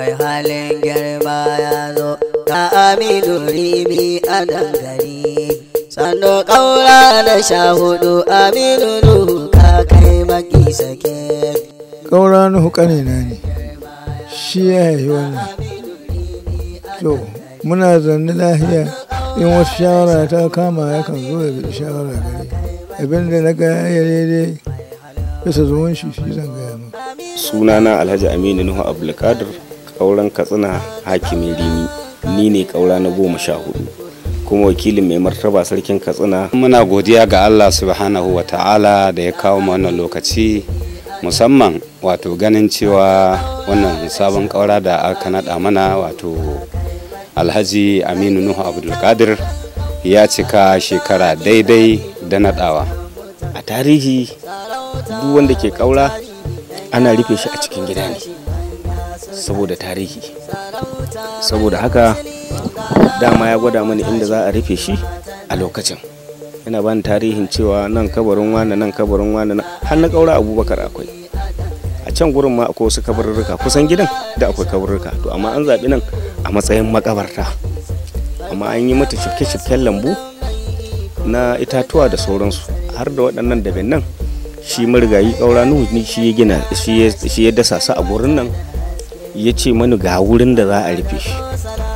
mai halin girma ya zo ta aminu ribi a dangare sando ƙaura da sha hudu aminu nuhu ka kai maki sake ƙaura nuhu ƙanina ne shi ya haifi wannan to muna zanne lahiya in wasu shawara ta kama yakan zo da shawara abin abinda na gaya ya daidai bisa zuwan shi shi zan gaya maka sunana alhaji aminu nuhu abdulkadir ƙauren katsina hakimin rimi ni ne ƙaura na goma sha hudu kuma wakilin mai martaba sarkin katsina muna godiya ga allah subhanahu wa ta'ala da ya kawo mu wannan lokaci musamman wato ganin cewa wannan sabon ƙaura da aka naɗa mana wato alhaji aminu nuhu abdulkadir ya cika shekara daidai da naɗawa a tarihi duk wanda ke ƙaura ana rufe shi a cikin gida ne saboda tarihi saboda haka dama ya gwada mani inda za a rufe shi a lokacin yana bani tarihin cewa nan kabarin wani nan kabarin wani har na kaura abubakar akwai a can gurin ma akwai wasu kabarurruka kusan gidan da akwai kabarurruka to amma an zaɓi nan a matsayin makabarta amma an yi mata shifke-shifken lambu na itatuwa da sauransu har da waɗannan da nan shi marigayi ƙaura nuhu shi ya gina shi ya dasa su a gurin nan ya ce mani ga wurin da za a rufe shi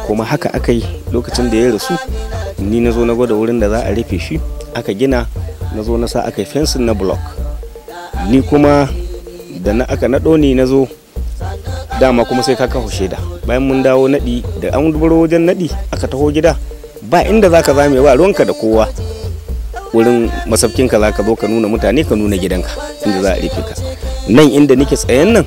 kuma haka aka yi lokacin da ya rasu ni na zo na gwada wurin da za a rufe shi aka gina na zo na sa aka yi fensin na block ni kuma da na aka naɗo ni na zo dama kuma sai ka kafa shaida bayan mun dawo naɗi da an dubaro wajen naɗi aka taho gida ba inda za ka zame ba ruwanka da kowa wurin masaukinka za ka zo ka nuna mutane ka nuna gidanka inda za a rufe ka nan inda nake tsayen nan